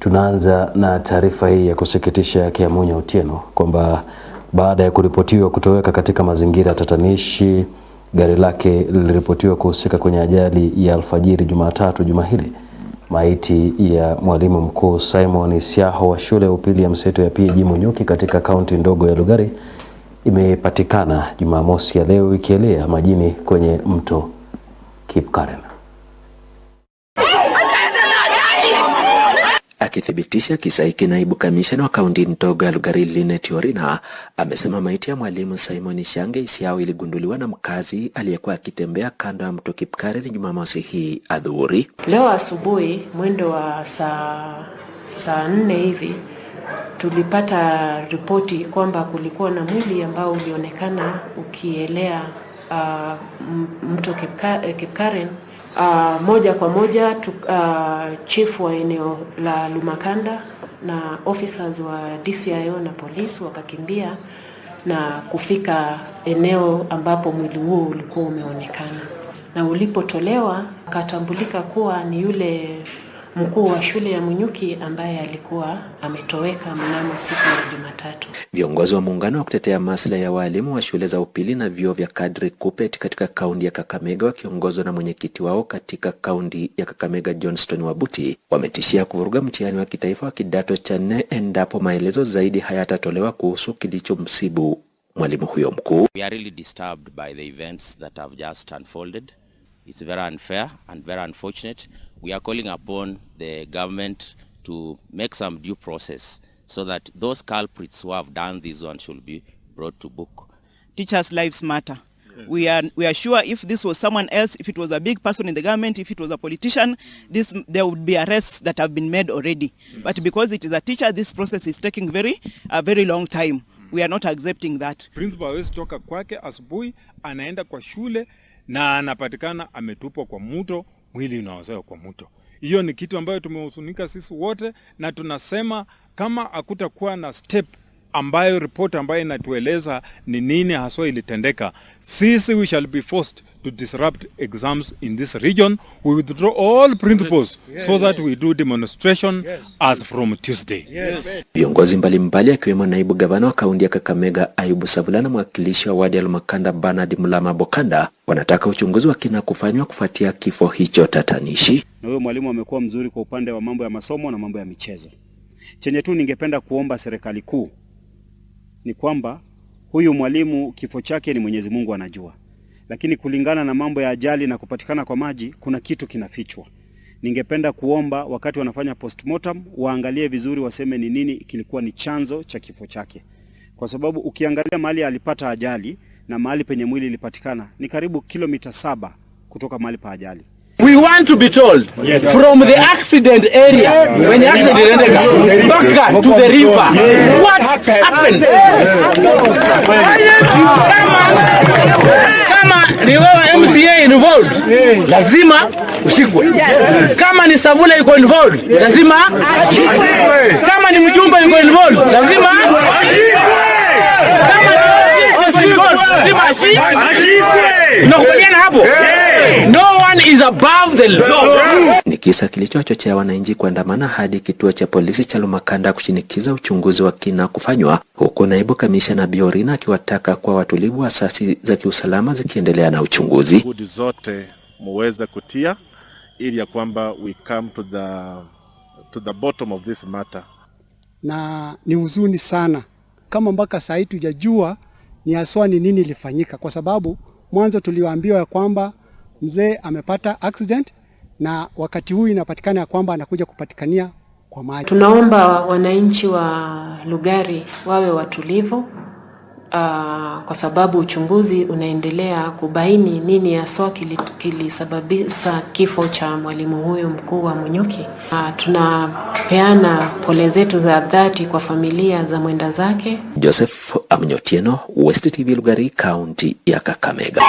Tunaanza na taarifa hii ya kusikitisha ya Kiamunya Otieno kwamba baada ya kuripotiwa kutoweka katika mazingira tatanishi, gari lake liliripotiwa kuhusika kwenye ajali ya alfajiri Jumatatu juma hili, maiti ya mwalimu mkuu Simon Siaho wa shule ya upili ya mseto ya PG Munyuki katika kaunti ndogo ya Lugari imepatikana Jumamosi ya leo ikielea majini kwenye mto Kipkaren. Akithibitisha kisa hiki, naibu kamishna wa kaunti ndogo ya Elgeyo Lynette Orina amesema maiti ya mwalimu Simon Shange Isiao iligunduliwa na mkazi aliyekuwa akitembea kando ya mto Kipkaren Jumamosi hii adhuhuri. Leo asubuhi mwendo wa saa saa nne hivi tulipata ripoti kwamba kulikuwa na mwili ambao ulionekana ukielea uh, mto Kipkaren Uh, moja kwa moja tu, uh, chief wa eneo la Lumakanda na officers wa DCIO na polisi wakakimbia na kufika eneo ambapo mwili huo ulikuwa umeonekana, na ulipotolewa akatambulika kuwa ni yule mkuu wa shule ya Munyuki ambaye alikuwa ametoweka mnamo siku ya Jumatatu. Viongozi wa muungano wa kutetea maslahi ya walimu wa shule za upili na vyuo vya kadri kupet katika kaunti ya Kakamega wakiongozwa na mwenyekiti wao katika kaunti ya Kakamega Johnston Wabuti wametishia kuvuruga mtihani wa kitaifa wa kidato cha nne endapo maelezo zaidi hayatatolewa kuhusu kilichomsibu mwalimu huyo mkuu. We are really disturbed by the events that have just unfolded. It's very unfair and very unfortunate. We are calling upon the government to make some due process so that those culprits who have done this one should be brought to book. Teachers' lives matter. We are, we are sure if this was someone else, if it was a big person in the government, if it was a politician, this, there would be arrests that have been made already. But because it is a teacher, this process is taking very, a very long time. We are not accepting that. Principal hawezi toka kwake asubuhi, anaenda kwa shule na anapatikana ametupwa kwa mto, mwili unaozewa kwa mto. Hiyo ni kitu ambayo tumehusunika sisi wote, na tunasema kama hakutakuwa na step ambayo ripoti ambayo inatueleza ni nini haswa ilitendeka. Sisi we shall be forced to disrupt exams in this region. We withdraw all principles yes, so that we do demonstration yes, as from Tuesday. Viongozi yes, mbalimbali akiwemo naibu gavana wa kaunti ya Kakamega Ayubu Savula na mwakilishi wa wadi ya Lumakanda Bernard Mulama Bokanda wanataka uchunguzi wa kina kufanywa kufuatia kifo hicho tatanishi. Na huyo mwalimu amekuwa mzuri kwa upande wa mambo ya masomo na mambo ya michezo. Chenye tu ningependa kuomba serikali kuu ni kwamba huyu mwalimu kifo chake ni Mwenyezi Mungu anajua, lakini kulingana na mambo ya ajali na kupatikana kwa maji, kuna kitu kinafichwa. Ningependa kuomba wakati wanafanya postmortem waangalie vizuri, waseme ni nini kilikuwa ni chanzo cha kifo chake, kwa sababu ukiangalia mahali alipata ajali na mahali penye mwili ilipatikana ni karibu kilomita saba kutoka mahali pa ajali. We want to be told yes. from the accident area yeah. when the accident ended back to the river yeah. what happened? Kama ni wewe MCA involved lazima ushikwe. Kama ni Savula yuko involved lazima Kama ni mjumba yuko involved lazima ashikwe. Tunakubaliana hapo? No man is above the law. Ni kisa kilichochochea wananchi kuandamana hadi kituo cha polisi cha Lumakanda kushinikiza uchunguzi wa kina kufanywa, huku naibu kamishna Biorina akiwataka kwa watulivu, asasi za kiusalama zikiendelea na uchunguzi. Juhudi zote muweze kutia ili ya kwamba we come to the, to the bottom of this matter. Na ni huzuni sana kama mpaka saa hii tujajua ni haswa ni nini ilifanyika, kwa sababu mwanzo tuliwaambiwa ya kwamba mzee amepata accident na wakati huu inapatikana ya kwamba anakuja kupatikania kwa maji. Tunaomba wananchi wa Lugari wawe watulivu, uh, kwa sababu uchunguzi unaendelea kubaini nini haswa kilisababisha kifo cha mwalimu huyu mkuu wa Munyuki. Uh, ah, tunapeana pole zetu za dhati kwa familia za mwenda zake. Joseph Amnyotieno, West TV Lugari, kaunti ya Kakamega.